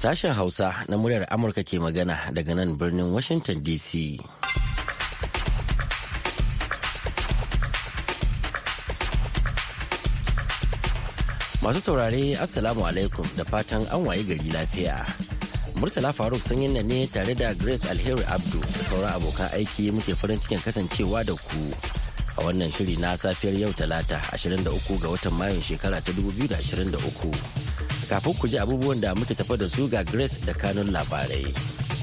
Sashen Hausa na muryar Amurka ke magana daga nan birnin Washington DC. Masu saurare Assalamu alaikum da fatan an waye gari lafiya. Murtala Faruk sun nan ne tare da Grace Alheri Abdu da sauran abokan aiki muke farin cikin kasancewa da ku. A wannan shiri na safiyar yau talata 23 ga watan Mayun shekara ta 2023. kafin ku ji abubuwan da muke tafa da su ga Grace da kanun labarai.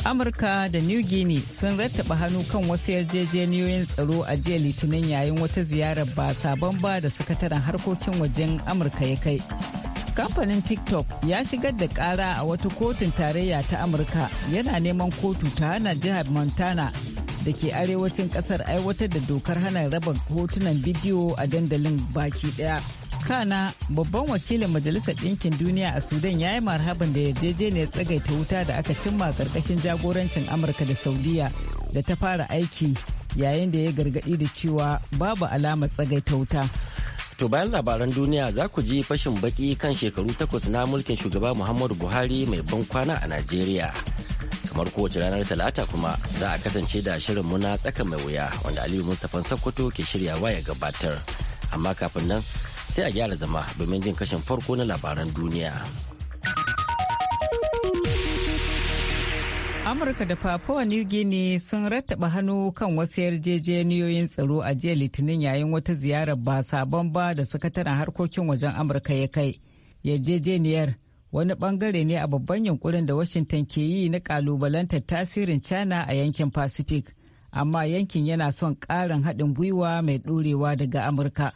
Amurka da New Guinea sun rattaba hannu kan wasu yarjejeniyoyin tsaro a jiya litinin yayin wata ziyarar ba sabon ba da sakataren harkokin wajen Amurka ya kai. Kamfanin TikTok ya shigar da kara a wata kotun tarayya ta Amurka yana neman kotu ta hana jihar Montana da ke arewacin kasar aiwatar da dokar hana raba hotunan bidiyo a dandalin baki daya. kana babban wakilin majalisar ɗinkin duniya a sudan ya yi marhaban da yarjejeniyar tsagaita wuta da aka cimma ƙarƙashin jagorancin amurka da saudiya da ta fara aiki yayin da ya gargaɗi da cewa babu alamar tsagaita wuta to bayan labaran duniya za ku ji fashin baki kan shekaru takwas na mulkin shugaba muhammadu buhari mai ban kwana a najeriya kamar kowace ranar talata kuma za a kasance da shirin na tsaka mai wuya wanda aliyu mustapha sokoto ke shiryawa ya gabatar amma kafin nan sai a gyara zama domin jin kashin farko na labaran duniya. Amurka da Papua New Guinea sun rattaba hannu kan wasu yarjejeniyoyin tsaro a jiya Litinin yayin wata ziyarar ba sabon ba da sakataren harkokin wajen Amurka ya kai. Yarjejeniyar wani bangare ne a babban yunkurin da Washington ke yi na kalubalantar tasirin China a yankin Pacific, amma yankin yana son karin haɗin gwiwa mai ɗorewa daga Amurka.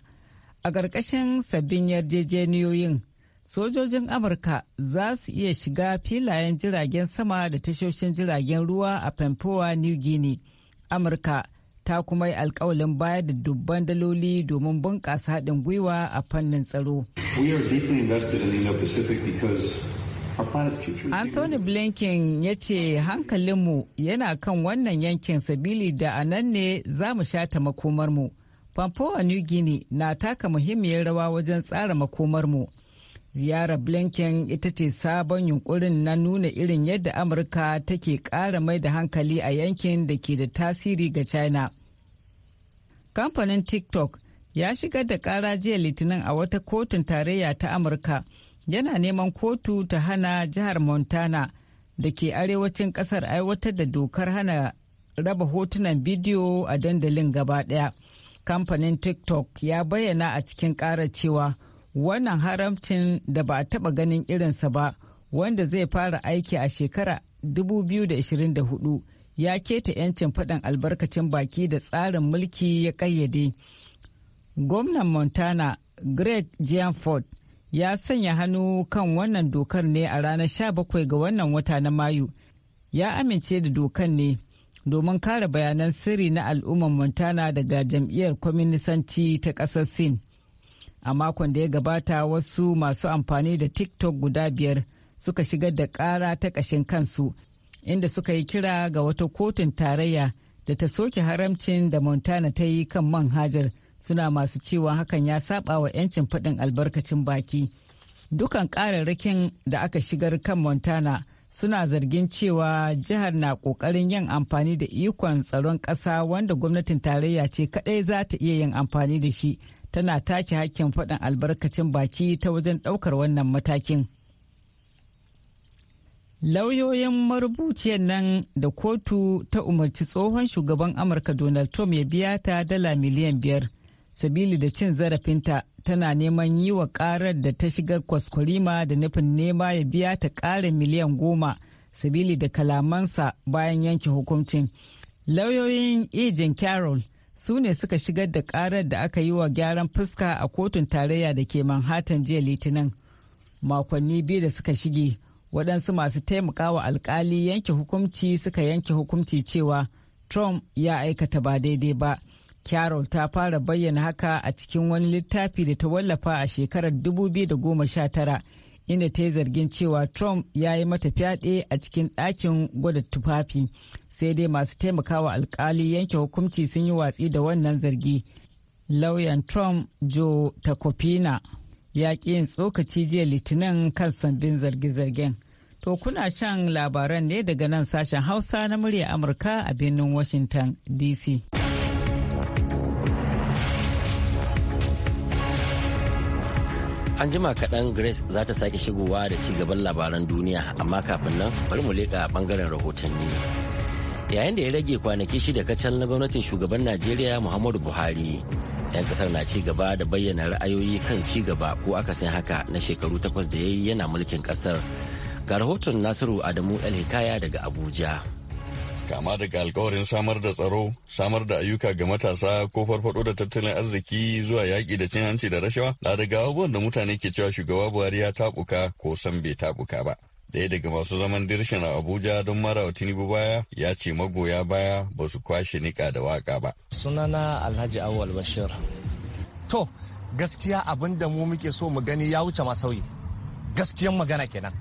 a ƙarƙashin sabbin yarjejeniyoyin sojojin amurka za su iya shiga filayen jiragen sama da tashoshin jiragen ruwa a pampoa new guinea amurka ta kuma yi alkawalin bayar da dubban daloli domin bunƙasa haɗin gwiwa a fannin tsaro anthony blinken ya ce hankalinmu yana kan wannan yankin sabili da a nan ne za mu sha ta makomarmu Papua New Guinea na taka muhimmiyar rawa wajen tsara makomarmu. Ziyarar Blinken ita ce sabon yunkurin na nuna irin yadda Amurka take ƙara mai da hankali a yankin da ke da tasiri ga China. Kamfanin TikTok ya shigar da ƙara jiya Litinin a wata kotun tarayya ta Amurka yana neman kotu ta hana jihar Montana da ke arewacin ƙasar aiwatar da dokar hana raba hotunan bidiyo a dandalin gaba ɗaya. kamfanin tiktok ya bayyana a cikin ƙara cewa wannan haramcin da ba a taɓa ganin irinsa ba wanda zai fara aiki a shekara 2024 ya keta 'yancin faɗin albarkacin baki da tsarin mulki ya ƙayyade. gwamnan montana greg gianford ya sanya hannu kan wannan dokar ne a ranar 17 ga wannan wata na mayu ya amince da dokar ne domin kare bayanan sirri na al'ummar montana daga jam'iyyar kwaminisanci ta ƙasar sin a makon da ya gabata wasu masu amfani da tiktok guda biyar suka shigar da ƙara ta ƙashin kansu inda suka yi kira ga wata kotun tarayya da ta soke haramcin da montana ta yi kan manhajar suna masu cewa hakan ya saba wa 'yancin faɗin albarkacin baki dukan ƙararrakin da aka shigar kan montana suna zargin cewa jihar na kokarin yin amfani da ikon tsaron ƙasa wanda gwamnatin tarayya ce kaɗai za ta iya yin amfani da shi tana take hakkin faɗin albarkacin baki ta wajen ɗaukar wannan matakin. Lauyoyin marubuciyar nan da kotu ta umarci tsohon shugaban Amurka Donald Trump ya biya ta dala miliyan biyar. sabili da cin zarafinta tana neman yi wa karar da ta shiga kwaskwarima da nufin nema ya biya ta ƙarin miliyan goma sabili da kalamansa bayan yanke hukuncin lauyoyin ejen carol su ne suka shigar da karar da aka yi wa gyaran fuska a kotun tarayya da ke manhattan jiya litinin makonni biyu da suka shige waɗansu masu taimakawa alkali yanke hukunci suka yanke hukunci cewa trump ya aikata ba daidai ba Carol ta fara bayyana haka a cikin wani littafi da ta wallafa a shekarar 2019 inda ta yi zargin cewa Trump ya yi mata fyaɗe a cikin ɗakin gwada tufafi. Sai dai masu taimakawa alkali yanke hukunci sun yi watsi da wannan zargi. Lauyan Trump Joe Takopina ya ƙi yin tsokaci jiya litinin kan sabbin zarge-zargen. To kuna shan labaran ne daga nan sashen Hausa na murya Amurka a birnin Washington DC. An jima kaɗan Grace za ta sake shigowa da ci gaban labaran duniya amma kafin nan bari mu leƙa ɓangaren rahotanni. Yayin da ya rage kwanaki shida kacal na gwamnatin shugaban Najeriya Muhammadu Buhari. 'Yan kasar na ci gaba da bayyana ra'ayoyi kan ci gaba ko akasin haka na shekaru takwas da ya yi yana mulkin kasar. Ga rahoton Nasiru Adamu El Hikaya daga Abuja. kama daga alkawarin samar da tsaro samar da ayyuka ga matasa ko farfado da tattalin arziki zuwa yaƙi da cin hanci da rashawa na daga abubuwan da mutane ke cewa shugaba buhari ya taɓuka ko san bai taɓuka ba daya daga masu zaman dirshin a abuja don mara wa tinubu baya ya ce magoya baya ba su kwashe niƙa da waƙa ba sunana alhaji awal bashir to gaskiya abin da mu muke so mu gani ya wuce masauyi sauyi gaskiyan magana kenan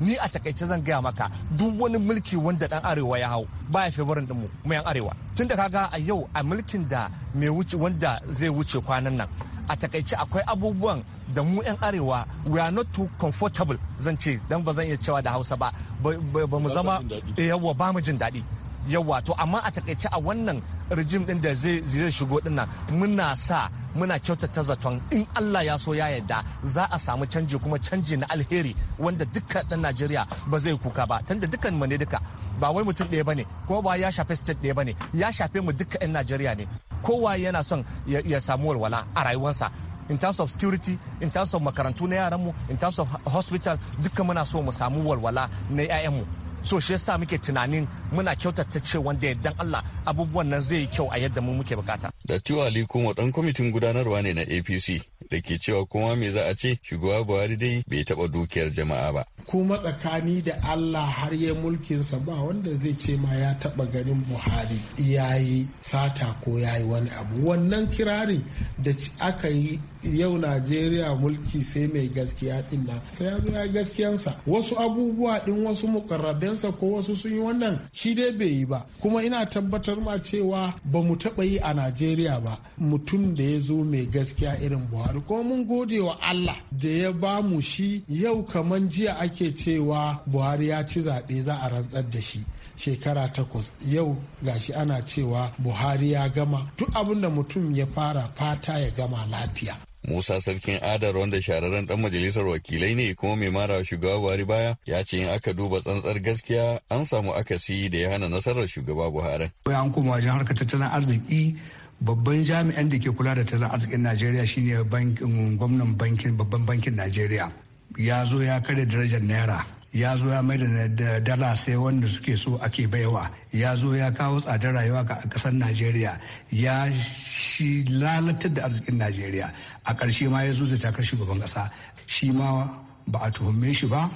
ni a takaice zan gaya maka duk wani mulki wanda dan arewa ya hau ba ya barin dinmu mu yan arewa Tun tunda kaga a yau a mulkin da mai wuce wanda zai wuce kwanan nan a takaice akwai abubuwan da mu 'yan arewa we are not too comfortable zan ce dan ba zan iya cewa da hausa ba ba mu zama eh, yawwa ba mu jin daɗi yawwa to amma a takaice a wannan rijim din da zai shigo dinnan muna sa muna kyautata zaton in Allah ya so ya yarda za a samu canji kuma canji na alheri wanda dukkan dan Najeriya ba zai kuka ba tunda dukkan mu ne duka ba wai mutum ɗaya bane kuma ba ya shafe state ɗaya bane ya shafe mu dukkan 'yan Najeriya ne kowa yana son ya samu walwala a rayuwarsa in terms of security in terms of makarantu na yaranmu in terms of hospital dukkan muna so mu samu walwala na mu. so shi yasa muke tunanin muna kyautata cewa da yardan Allah abubuwan nan zai yi kyau a yadda mu muke bukata. Da tiwa Ali kuma dan kwamitin gudanarwa ne na APC da ke cewa kuma me za a ce shugaba Buhari dai bai taba dukiyar jama'a ba. kuma tsakani da Allah har ya mulkinsa ba wanda zai ce ma ya taɓa ganin Buhari ya yi sata ko ya yi wani abu wannan kirarin da aka yi yau Najeriya mulki sai mai gaskiya din nan sai ya zo ya gaskiyansa wasu abubuwa din wasu mukarrabensa ko wasu sun yi wannan shi dai bai yi ba kuma ina tabbatar ma cewa ba mu taɓa yi a Najeriya ba mutum da ya zo mai gaskiya irin Buhari ko mun gode wa Allah da ya ba mu shi yau kaman jiya ake ake cewa buhari ya ci zaɓe za a rantsar da shi shekara takwas yau gashi ana cewa buhari ya gama duk abin da mutum ya fara fata ya gama lafiya Musa Sarkin Adar wanda shahararren dan majalisar wakilai ne kuma mai mara shugaba Buhari baya ya ce in aka duba tsantsar gaskiya an samu akasi da ya hana nasarar shugaba Buhari. Bayan koma wajen harkar tattalin arziki babban jami'an da ke kula da tattalin arzikin Najeriya shine bankin gwamnan bankin babban bankin Najeriya ya zo ya kare darajar naira ya zo ya maida dala sai wanda suke so ake baiwa ya zo ya kawo tsadar rayuwa ga kasar najeriya ya shi lalatar da arzikin najeriya a ƙarshe ma ya zo zai takar shugaban ƙasa shi ma ba a tuhumme shi ba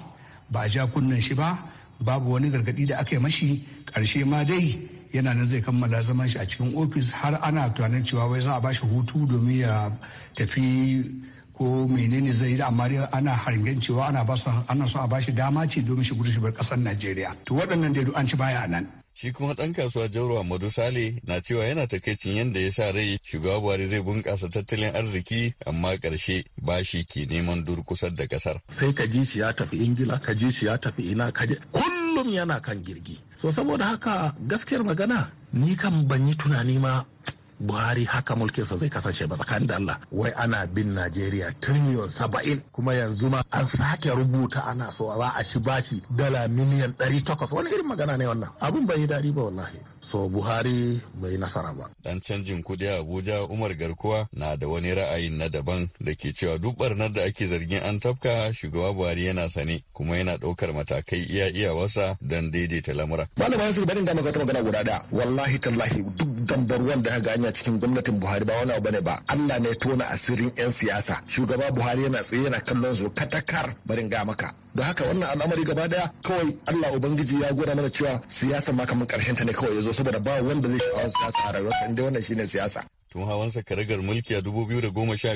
ba a ja kunnen shi ba babu wani gargadi da aka yi mashi karshe ma dai yana nan zai kammala zaman shi a cikin ofis har ana tunanin cewa wai za a bashi hutu domin ya tafi ko menene zai yi amma ana harin cewa ana ba su ana so a bashi dama ce domin shi gudu kasar Najeriya to waɗannan dai an ci baya a nan Shi kuma ɗan kasuwa Jauro Amadu Sale na cewa yana takaicin yadda ya sa rai shugaba Buhari zai bunƙasa tattalin arziki amma ƙarshe ba shi ke neman kusar da ƙasar. Sai ka ji shi ya tafi Ingila, ka ji shi ya tafi ina, ka ji kullum yana kan girgi. So saboda haka gaskiyar magana ni kan ban yi tunani ma buhari haka mulkinsa zai kasance ba tsakanin da allah wai ana bin najeriya tiriliyon saba'in kuma yanzu ma an sake rubuta ana so za a shi bashi dala miliyan ɗari takwas wani irin magana ne wannan abin bai yi daɗi ba wallahi so buhari bai nasara ba dan canjin kuɗi a abuja umar garkuwa na da wani ra'ayin na daban da ke cewa duk barnar da ake zargin an tafka shugaba buhari yana sane kuma yana ɗaukar matakai iya iya wasa don daidaita lamura malama yasir barin da maka magana guda ɗaya wallahi tallahi duk dambarwan da aka ganya cikin gwamnatin Buhari ba wani abu ne ba Allah ne tona asirin 'yan siyasa shugaba Buhari yana tsaye yana kallon zo katakar barin ga maka da haka wannan al'amari gaba daya kawai Allah ubangiji ya gwada mana cewa siyasa ma kamar karshen ta ne kawai ya zo saboda ba wanda zai sha'awar siyasa a rayuwarsa inda wannan shine siyasa tun hawansa karagar mulki a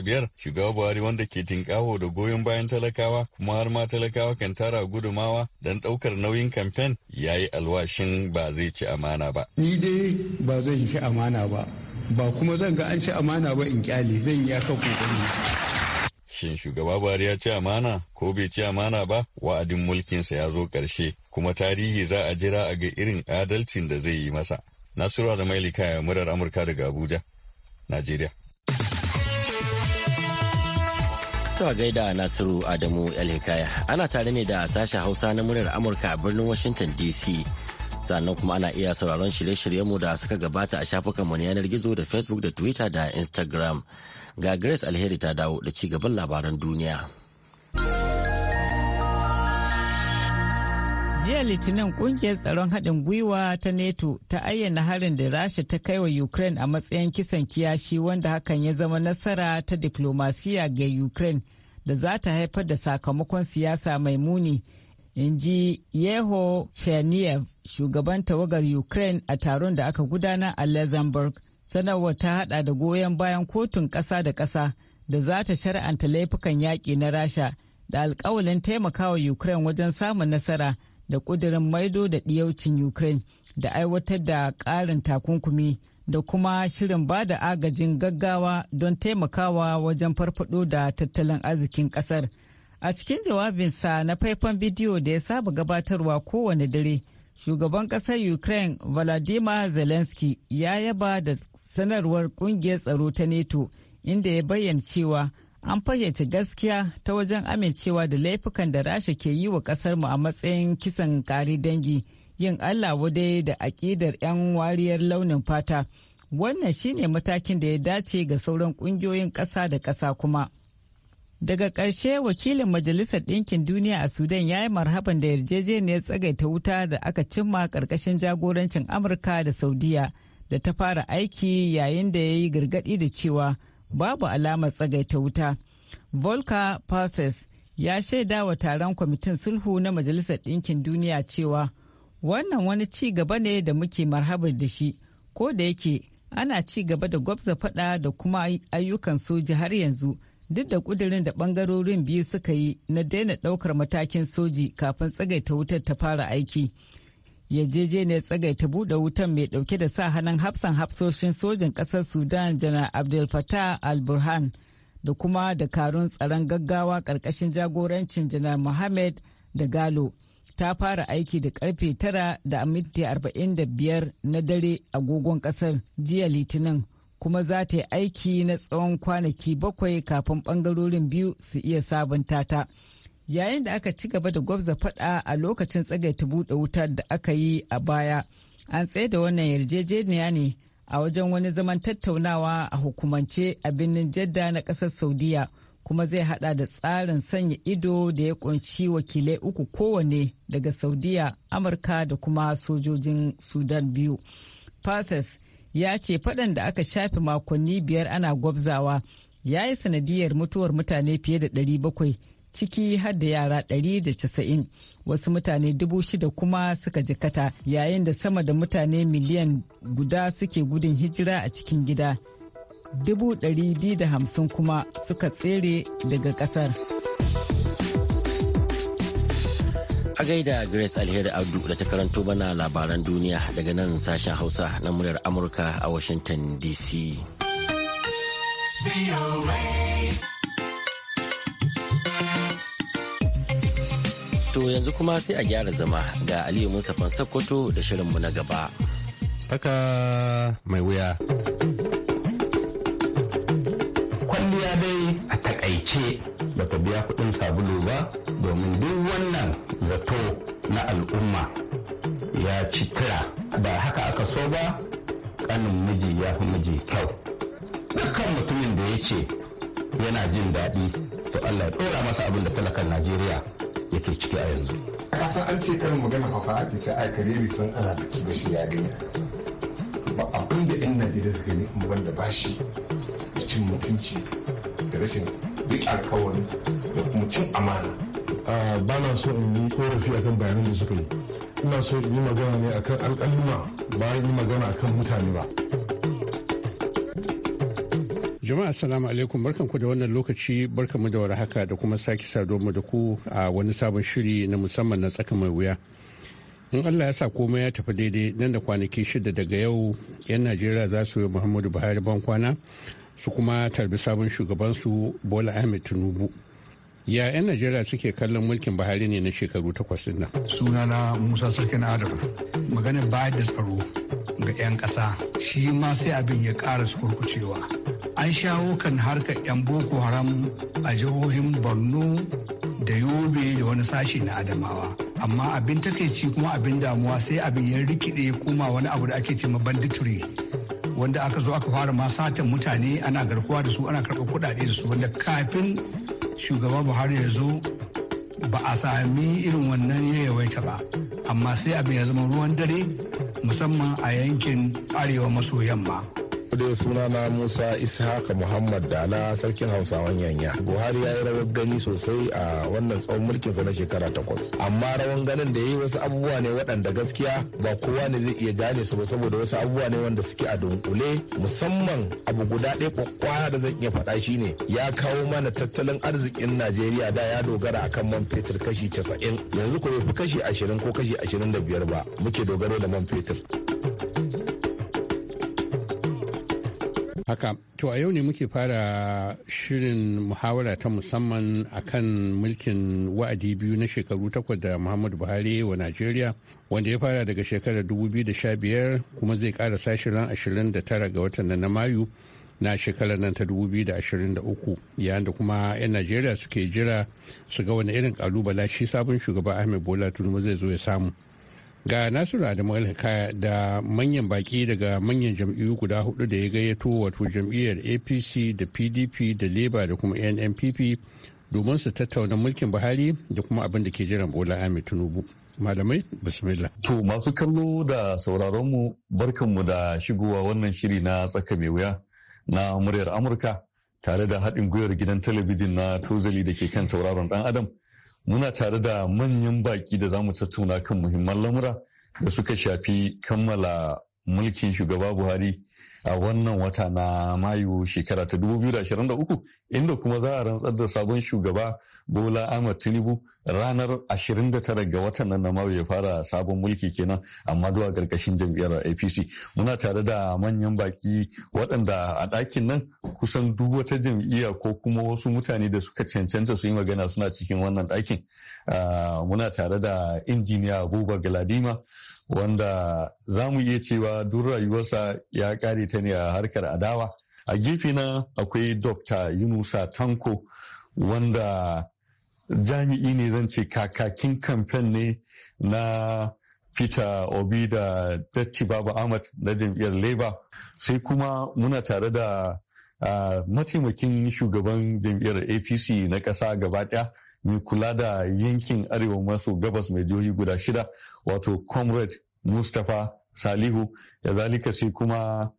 biyar shugaba buhari wanda ke tinkawo da goyon bayan talakawa kuma har ma talakawa kan tara gudumawa don ɗaukar nauyin kamfen ya yi alwashin ba zai ci amana ba ni dai ba zan ci amana ba ba kuma zan ga an ci amana ba in kyale zan yi aka kokari shin shugaba buhari ya ci amana ko bai ci amana ba wa'adin mulkinsa ya zo ƙarshe kuma tarihi za a jira a ga irin adalcin da zai yi masa nasiru da mailika murar amurka daga abuja Najeriya. Tawa gaida Nasiru Adamu Alhikaya ana tare ne da sashen Hausa na muryar Amurka a birnin Washington DC. sannan kuma ana iya sauraron shirye-shiryenmu da suka gabata a shafukanmu na yanar gizo da Facebook da Twitter da Instagram. Ga Grace Alheri ta dawo da ci gaban labaran duniya. jiya litinin kungiyar tsaron haɗin gwiwa ta neto ta ayyana harin da rasha ta kai wa ukraine a matsayin kisan kiyashi wanda hakan ya zama nasara ta diplomasiya ga ukraine da za ta haifar da sakamakon siyasa mai muni in ji yeho cheniev shugaban tawagar ukraine a taron da aka gudana a luxembourg sanarwar ta hada da goyon bayan kotun ƙasa da ƙasa da za ta shari'anta laifukan yaƙi na rasha da alkawalin taimakawa ukraine wajen samun nasara da kudirin maido da ɗiyaucin Ukraine da aiwatar da karin takunkumi da kuma shirin ba da agajin gaggawa don taimakawa wajen farfado da tattalin arzikin ƙasar. A cikin jawabinsa na faifan bidiyo da ya saba gabatarwa kowane dare, shugaban ƙasar Ukraine Vladimir Zelensky ya yaba da sanarwar ƙungiyar tsaro ta NATO inda ya bayyana cewa an fayyace gaskiya ta wajen amincewa da laifukan da rasha ke yi wa mu a matsayin kisan kari dangi yin allah wadai da aƙidar 'yan wariyar launin fata wannan shine matakin da ya dace ga sauran ƙungiyoyin ƙasa da ƙasa kuma daga ƙarshe wakilin majalisar ɗinkin duniya a sudan ya yi marhaban da yarjejeniyar tsagaita wuta da aka cimma ƙarƙashin jagorancin amurka da saudiya da ta fara aiki yayin da ya yi gargaɗi da cewa babu alamar tsagaita wuta. Volker Perthes ya shaida wa taron kwamitin sulhu na Majalisar Ɗinkin Duniya cewa wannan wani ci gaba ne da muke marhabar da shi, ko da yake ana ci gaba da gwabza fada da kuma ayyukan soji har yanzu duk da kudirin da bangarorin biyu suka yi na daina ɗaukar matakin soji kafin tsagaita wutar ta fara aiki. yarjejeniyar tsagaita buɗe wutan mai ɗauke da sa hannun hafsan hafsoshin sojin ƙasar sudan janar abdul fattah al-burhan da kuma dakarun tsaron gaggawa ƙarƙashin jagorancin janar mohammed da galo ta fara aiki da karfe 9 da minti 45 na dare agogon ƙasar jiya litinin kuma za ta yi aiki na tsawon kwanaki bakwai kafin bangarorin biyu su iya sabunta ta. yayin da aka ci gaba da gwabza fada a lokacin tsagaita buɗe wuta da aka yi a baya an tsaye da wannan yarjejeniya ne a wajen wani zaman tattaunawa a hukumance a birnin jadda na ƙasar saudiya kuma zai hada da tsarin sanya ido da ya kunshi wakilai uku kowane daga saudiya amurka da kuma sojojin sudan biyu pathos ya ce faɗan da aka shafe makonni biyar ana gwabzawa ya yi sanadiyar mutuwar mutane fiye da 700 ciki har da yara 190 wasu mutane dubu shida kuma suka jikata yayin da sama da mutane miliyan guda suke gudun hijira a cikin gida dubu hamsin kuma suka tsere daga kasar a gaida grace alheri abdu da ta karanto mana labaran duniya daga nan sashen hausa na muryar amurka a washington dc To yanzu kuma sai a gyara zama ga Aliyu Mustapha Sokoto da shirin mu na gaba. Tsaka mai wuya. Kwalliya dai a takaice ta biya kudin sabulu ba domin duk wannan zato na al'umma ya ci tira ba haka aka so ba kanin miji ya fi miji kyau. Dukkan mutumin da ya ce yana jin daɗi to Allah ya ɗora masa abin da talakan Najeriya. yake ciki a yanzu kasan an ce karin magana hausa ake ce ai kare san ana da shi ya gani ba abin da yan najeriya suka yi in banda bashi da cin mutunci da rashin bi alkawari da kuma cin amana ba na so in yi korafi akan bayanan da suka yi ina so in yi magana ne akan alkalima bayan yi magana akan mutane ba Jama'a assalamu alaikum barkanku da wannan lokaci barkanmu da warhaka da kuma sake saduwa mu da ku a wani sabon shiri na musamman na tsaka mai wuya. In Allah ya sa komai ya tafi daidai nan da kwanaki shida daga yau 'yan Najeriya za su yi Muhammadu Buhari ban kwana su kuma tarbi sabon shugabansu Bola Ahmed Tinubu. ya 'yan najeriya suke kallon mulkin buhari ne na shekaru takwas din nan sunana musa sarkin adar magana bayar da tsaro ga 'yan ƙasa shi ma sai abin ya ƙara kurkucewa an shawo kan harkar 'yan boko haram a jihohin borno da yobe da wani sashi na adamawa amma abin takaici kuma abin damuwa sai abin ya rikide kuma wani abu da ake ce ma banditry wanda aka zo aka fara ma satan mutane ana garkuwa da su ana karɓar kuɗaɗe da su wanda kafin shugaba buhari ya zo ba a sami irin wannan ya yawaita ba amma sai abin ya zama ruwan dare musamman a yankin arewa maso yamma da suna na Musa Ishaq Muhammad Dala sarkin Hausawan Yanya. Buhari ya yi rawar gani sosai a wannan tsawon mulkin sa na shekara takwas. Amma rawan ganin da ya yi wasu abubuwa ne waɗanda gaskiya ba kowa ne zai iya gane su ba saboda wasu abubuwa ne wanda suke a dunkule musamman abu guda ɗaya kwakwara da zan iya faɗa shi ne ya kawo mana tattalin arzikin Najeriya da ya dogara akan man fetur kashi casa'in yanzu ko bai fi kashi ashirin ko kashi ashirin da biyar ba muke dogaro da man fetur. Haka, to a yau ne muke fara shirin muhawara ta musamman akan mulkin wa'adi biyu na shekaru takwas da Muhammadu Buhari wa Najeriya, wanda ya fara daga shekarar 2015 kuma zai kara ƙara ran 29 ga watan na Mayu na shekarar nan ta 2023 yayin da kuma 'yan Najeriya suke jira su ga wani irin kalubala shi sabon shugaba Ahmed Bola Tinubu zai zo ya samu. ga nasiru adamu alhikaya da manyan baki daga manyan jam'iyyu guda hudu da ya gayyato wato jam'iyyar apc da pdp da labour da kuma nnpp domin su tattauna mulkin buhari da kuma abin da ke jiran bola ahmed tinubu malamai bismillah to masu kallo da sauraron sauraronmu barkanmu da shigowa wannan shiri na tsaka mai wuya na muryar amurka tare da haɗin gwiwar gidan talabijin na tozali da ke kan tauraron dan adam muna tare da manyan baki da za mu tattauna kan muhimman lamura da suka shafi kammala mulkin shugaba buhari a wannan wata na mayu shekara ta 2023 inda kuma za a rantsar da sabon shugaba Bola Ahmad Tinubu ranar 29 ga watan nan na ya fara sabon mulki kenan amma zuwa karkashin jam'iyyar APC. Muna tare da manyan baki waɗanda a ɗakin nan kusan duk wata jam'iyya ko kuma wasu mutane da suka cancanta su yi magana suna cikin wannan ɗakin. Ah, muna tare da injiniya Abuba Galadima wanda za mu iya cewa duk rayuwarsa ya ƙare ta ne a harkar adawa. A gefe na akwai Dr. Yunusa Tanko wanda jami'i ne zan ce kakakin kamfen ne na peter obi da datti Baba ahmad na jam'iyyar labour sai kuma muna tare da mataimakin shugaban jam'iyyar apc na ƙasa gaba ɗaya mai kula da yankin arewa maso gabas mai jihohi guda shida wato comrade mustapha salihu ya zalika sai kuma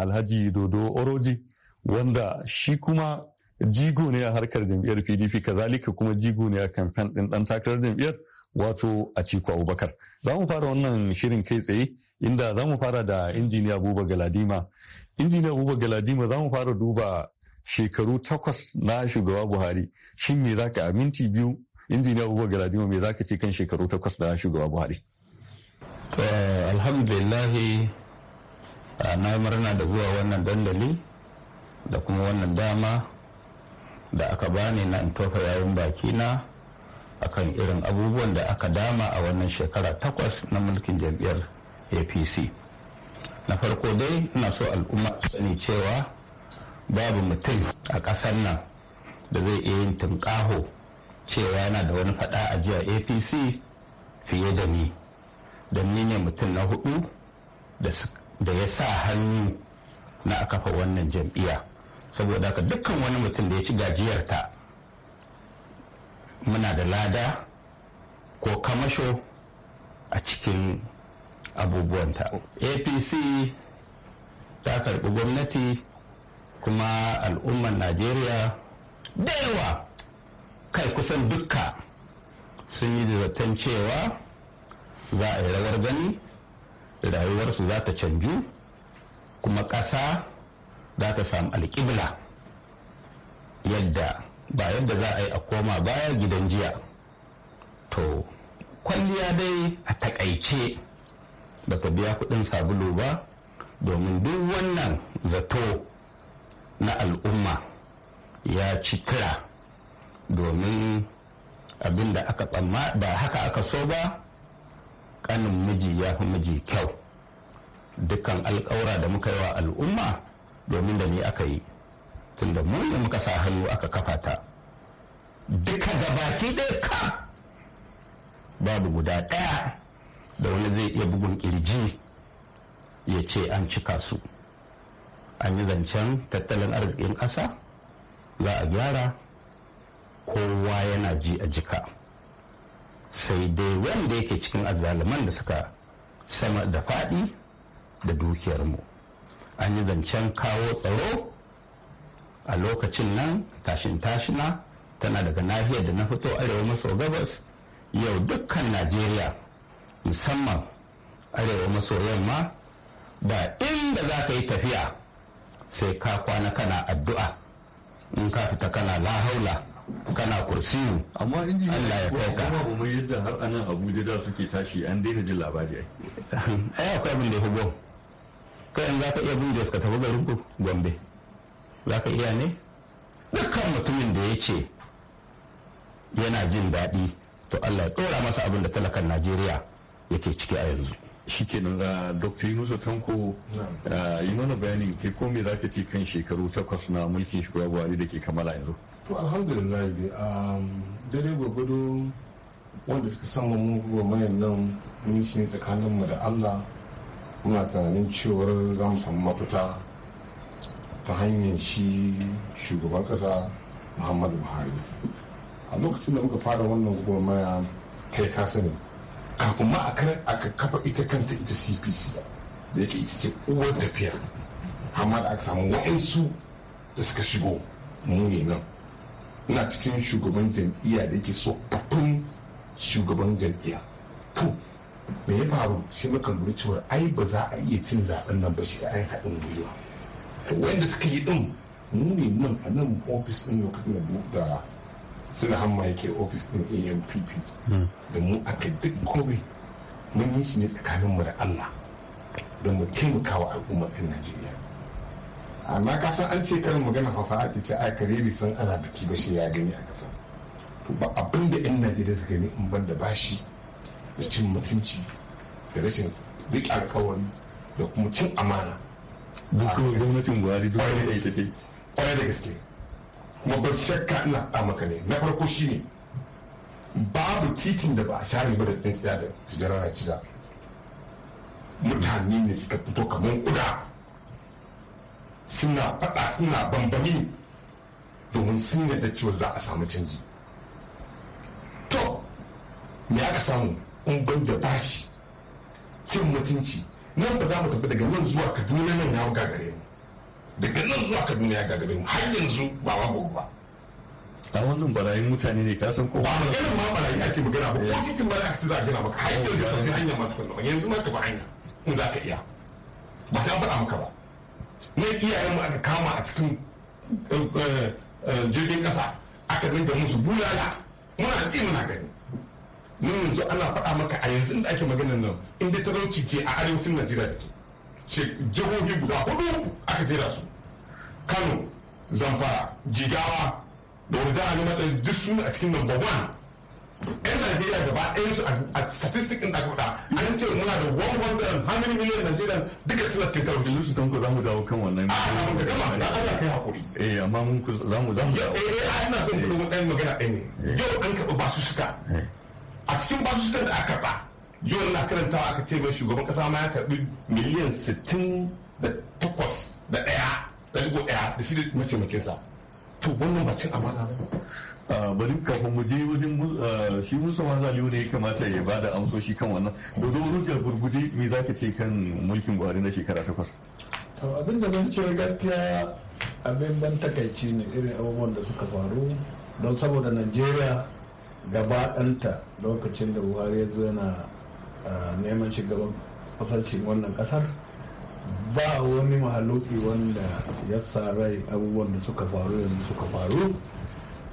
alhaji dodo oroji wanda shi kuma jigo ne a harkar jam'iyyar pdp kazalika kuma jigo ne a kamfen ɗin ɗan takarar jam'iyyar wato a ciko abubakar za mu fara wannan shirin kai tsaye inda za mu fara da injiniya buba galadima injiniya buba galadima za mu fara duba shekaru takwas na shugaba buhari shin me za ka aminti biyu injiniya buba galadima me za ka ce kan shekaru takwas na shugaba buhari alhamdulillahi na murna da zuwa wannan dandali da kuma wannan dama da aka bani na in tofa yawon baki na akan irin abubuwan da aka dama a wannan shekara takwas na mulkin jam'iyyar apc na farko dai ina so al'umma sani cewa babu mutum a ƙasar nan da zai iya yin tunkaho cewa yana da wani faɗa a jiya apc fiye da ni da ni ne mutum na hudu da ya sa hannu na a kafa wannan jam'iyya saboda haka dukkan wani mutum da ya ci gajiyarta muna da lada ko kamasho a cikin abubuwanta apc ta karbi gwamnati kuma al'ummar najeriya da yawa kai kusan dukka sun yi zaton cewa za a yi rawar gani rayuwarsu za ta canju kuma ƙasa za ka samu alƙibla yadda ba yadda za a yi a koma baya gidan jiya to kwalliya dai a takaice ba ta biya kuɗin sabulu ba domin duk wannan zato na al'umma ya ci kira domin abin da aka tsamma ba haka aka so ba kanin miji ya fi miji kyau dukkan alkawura da muka yi wa al'umma domin da ni aka yi tunda mu ne muka sa hannu aka kafa ta duka da baki ɗaya ka babu guda ɗaya da wani zai iya bugun kirji ya ce an cika su an yi zancen tattalin arzikin ƙasa za a gyara kowa yana ji a jika sai dai wanda yake cikin azzaluman da suka sama da faɗi da dukiyarmu. mu an yi zancen kawo tsaro a lokacin nan tashin tashina tana daga nahiyar da na fito arewa maso gabas yau dukkan najeriya musamman arewa maso yamma ba inda za ka yi tafiya sai ka kwana kana addu'a in ka fita kana lahaula kana kursiyu amma injiniya Allah ya kai ka kuma yadda har anan Abuja da suke tashi an daina jin labari ai akwai abin da ya fi kai za ka iya bin suka tafi garin gombe za ka iya ne dukkan mutumin da ya ce yana jin daɗi to allah ya ɗora masa abin da talakan najeriya yake ciki a yanzu shi ke nan uh, dr yunusa tanko uh, yi mana bayanin kai ko me za ka ce kan shekaru takwas na mulkin shugaba buhari da ke kamala yanzu to alhamdulillah dare um, gwagwado wanda suka samu mu gwagwamayan nan mun shi ne tsakaninmu da allah muna tunanin cewar za mu samu mafita ta hanyar shi shugaban kasa muhammadu buhari a lokacin da muka fara wannan gwamnati kai ka sani kafin ma aka kafa ita kanta ita cpc da yake ita ce uwar tafiya amma da aka samu wa'insu da suka shigo muni nan ina cikin shugaban jam'iyya da yake tsofaffin shugaban jam'iyya me ya faru shi muka lura cewa ai ba za a iya cin zaben nan ba shi ai haɗin gwiwa wanda suka yi ɗin mu ne nan a nan ofis ɗin lokacin da da suna hamma yake ofis ɗin ampp hmm. da mu aka duk komai mun yi shi ne tsakaninmu da allah don mu taimaka wa al'ummar ɗin najeriya amma ka san an ce karin magana hausa ake ce a kare bi san ana biki ba shi ya gani a kasa ba abin da yan najeriya suka gani in ban da bashi da cin mutunci da rashin duk alkawari da kuma cin amana dukkan gwamnatin buhari duk wani da ke da gaske kuma ba shakka ina a maka ne na farko shine babu titin da ba a share ba da tsintsiya da shidarar ciza mutane ne suka fito kamar kuda suna faɗa suna bambami domin sun yadda cewa za a samu canji to me aka samu in da bashi cin mutunci nan ba za mu tafi daga nan zuwa kaduna nan ya gagare mu daga nan zuwa kaduna ya gagare mu har yanzu ba wa gobe ba a wannan barayin mutane ne ka san ko ba magana ma barayi ake magana ba ko cikin barayi ake za a gina maka har yanzu ka bi hanya ma kwallo yanzu ma ka bi hanya in za ka iya ba sai an faɗa maka ba ne iyayen mu aka kama a cikin eh, eh, jirgin ƙasa aka ninka musu bulala muna ji muna gani mu yanzu ana faɗa maka a yanzu inda ake maganar nan inda talauci ke a arewacin najeriya da ce jihohi guda hudu aka jera su kano zamfara jigawa da wani jihar neman duk suna a cikin number one yan najeriya gaba ɗaya su a statistic ɗin aka faɗa an ce muna da one hundred how many million najeriya duka suna cikin talauci yanzu don ku za mu dawo kan wannan a na mun gama da ana kai hakuri eh amma mun ku za mu za mu dawo eh eh ina son ku dogon eh. ɗan magana ɗaya ne eh. yau an karɓi ba su suka eh. a cikin basussukan da aka ba yau na karanta aka ce mai shugaban kasa ma ya karbi miliyan sittin da takwas da ɗaya da ɗigo ɗaya da shi da mataimakinsa to wannan ba cin amana ba bari kafin mu je wajen shi musa mazaliyu ne ya kamata ya bada amsoshi kan wannan dodo da burguje me zaka ce kan mulkin buhari na shekara takwas to abin da zan ce gaskiya abin ban takaici ne irin abubuwan da suka faru don saboda najeriya gabaɗanta lokacin da buhari ya zo yana neman shigaban kasashen wannan ƙasar ba wani mahaluki wanda ya sa rai abubuwan da suka faru yanzu suka faru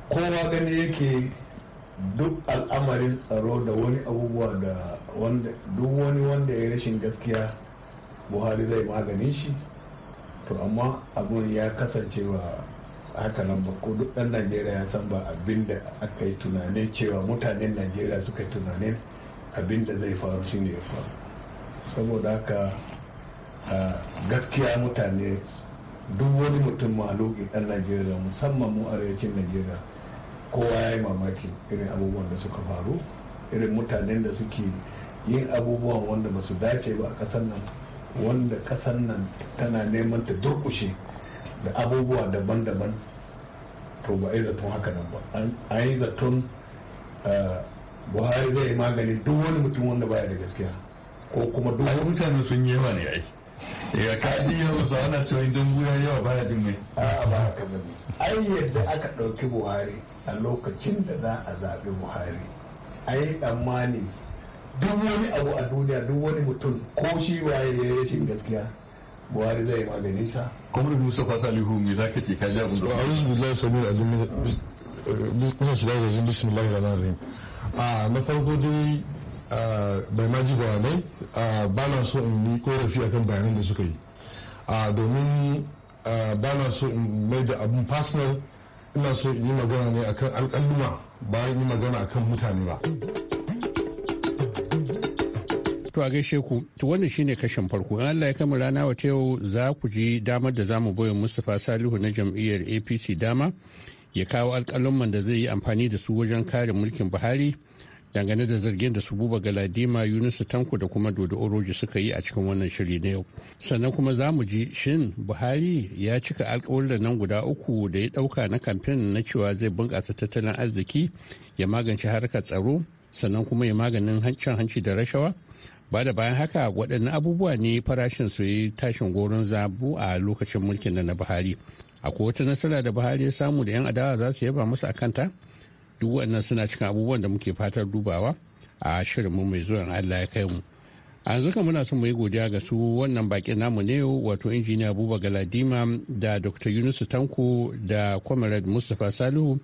kowa gani yake duk al'amarin tsaro da wani abubuwa da duk wani wanda ya rashin gaskiya buhari zai magani shi to amma abun ya kasancewa. haka nan ba ko duk ɗan najeriya ya san ba abinda aka yi tunanin cewa mutanen najeriya suka tunanin abinda zai faru shi ne ya faru saboda haka gaskiya mutane duk wani mutum mahaluki ɗan najeriya musamman mu arewacin najeriya kowa ya yi mamaki irin abubuwan da suka faru irin mutanen da suke yin abubuwan wanda ba su dace ba a kasan nan wanda kasan nan tana neman ta durƙushe da abubuwa daban-daban to ba yi zaton haka nan ba a yi zaton eh, buhari zai yi maganin duk wani mutum wanda baya da gaskiya ko kuma duk wani mutane sun yi yawa ne ai ya kaji yau su ana cewa idan buya yawa baya jin mai a ba haka ba ne ai yadda aka ɗauki buhari a lokacin da za a zaɓi buhari ai tsammani duk wani abu a duniya duk wani mutum ko shi waye ya yi gaskiya buhari zai maganin sa kuma musa salihu me zaka ce ka ji abin da a'udhu billahi samir alim bismillah shi da zan bismillah rahman rahim a ah, na farko dai ah, bai ma ji bayanai ah, ba na so in yi korafi akan bayanan da suka yi domin ba na so in mai da abin personal ina so in yi magana ne akan alƙaluma bayan yi magana akan mutane ba. To a gaishe ku, to wannan shine kashin farko. In Allah ya kama rana wata yau za ku ji damar da za mu mustafa Mustapha Salihu na jam'iyyar APC dama ya kawo alƙalumman da zai yi amfani da su wajen kare mulkin Buhari dangane da zargin da su buba galadima yunusu tanko da kuma dodo oroji suka yi a cikin wannan shiri na yau sannan kuma za mu ji shin buhari ya cika alƙawarin nan guda uku da ya ɗauka na kamfen na cewa zai bunkasa tattalin arziki ya magance harkar tsaro sannan kuma ya maganin hancin hanci da rashawa ba da bayan haka waɗannan abubuwa ne farashin su yi tashin goron zabu a lokacin mulkin da na buhari akwai wata nasara da buhari ya samu da 'yan adawa za su yaba masu a duk waɗannan suna cikin abubuwan da muke fatar dubawa a mu mai zuwan allah ya kai mu a yanzu kan muna son mu yi godiya ga su wannan bakin namu ne wato injiniya buba galadima da dr yunusu tanko da comrade mustapha salihu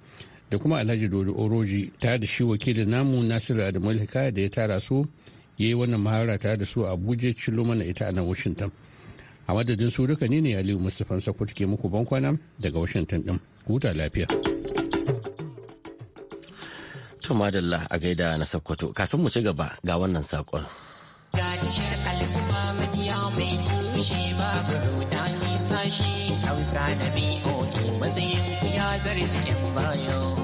da kuma alhaji dodo oroji tare da shi wakilin namu nasiru adamu da ya tara su ya yi wannan mahara ta da su abuja cilo mana ita a nan washington a madadin su duka ne ne aliyu mustapha sakwat ke muku bankwana daga washington din kuta lafiya to madalla a gaida na sakkwato kafin mu ci gaba ga wannan sakon ga tashar al'umma majiya mai tushe babu rudani sashi hausa da boa e.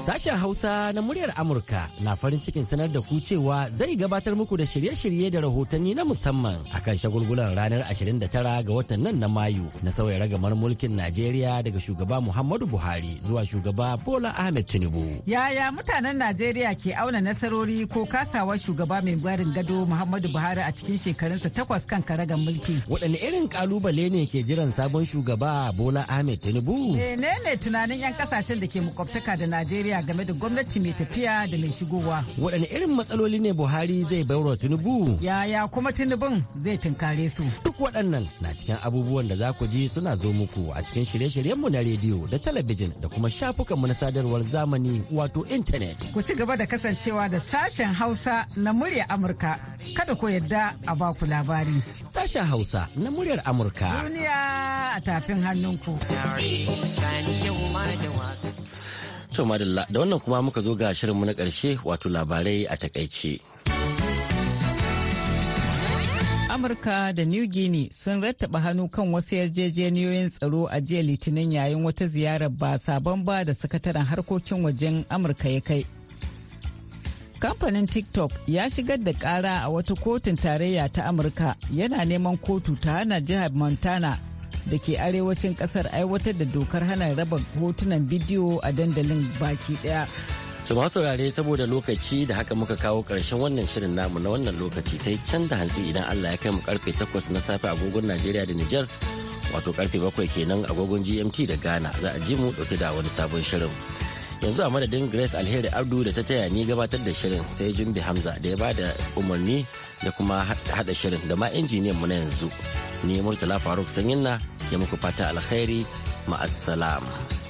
Sashen Hausa na muryar Amurka na farin cikin sanar da ku cewa zai gabatar muku da shirye-shirye da rahotanni na musamman akan shagulgulan ranar 29 ga watan nan na Mayu na sauya ragamar mulkin Najeriya daga shugaba Muhammadu Buhari zuwa shugaba Bola Ahmed Tinubu. Yaya mutanen Najeriya ke auna nasarori ko kasawa shugaba mai barin gado Muhammadu Buhari a cikin shekarunsa takwas kan karagan mulki. Waɗanne irin kalubale ne ke jiran sabon shugaba Bola Ahmed Tinubu? Menene ne tunanin 'yan kasashen da ke makwabtaka da Najeriya game da gwamnati mai tafiya da mai shigowa? Waɗanne irin matsaloli ne Buhari zai baiwa Tinubu? Yaya kuma Tinubun zai tinkare su? Duk waɗannan na cikin abubuwan da za ku ji suna zo muku a cikin shirye-shiryenmu na rediyo da talabijin da kuma shafukanmu na sadarwar zamani wato intanet. Ku ci gaba da kasancewa da sashen Hausa na muryar Amurka. Kada ku yarda a baku labari. Sashen Hausa na muryar Amurka. Duniya a tafin hannunku. Sorry, To madalla da wannan kuma muka zo ga shirinmu na karshe wato labarai a takaice. Amurka da New Guinea sun rattaba hannu kan wasu yarjejeniyoyin tsaro a jiya litinin yayin wata ziyarar ba sabon ba da sakataren harkokin wajen Amurka ya kai. Kamfanin TikTok ya shigar da ƙara a wata kotun tarayya ta Amurka yana neman kotu ta hana jihar Montana da ke arewacin kasar aiwatar da dokar hana raba hotunan bidiyo a dandalin baki daya. su masu saurare saboda lokaci da haka muka kawo karshen wannan shirin namu na wannan lokaci sai can da hantsi idan Allah ya kai mu karfe takwas na safe agogon Najeriya da Nijar wato karfe bakwai kenan agogon GMT da Ghana za a ji mu dauke da wani sabon shirin. yanzu a madadin grace alheri ardu da ta taya ni gabatar da shirin sai jimbi hamza da ya bada umarni ya kuma hada shirin da ma injiniyan mu na yanzu ni murtala faruk sanyin na ya muku fata alkhairi ma'assalam.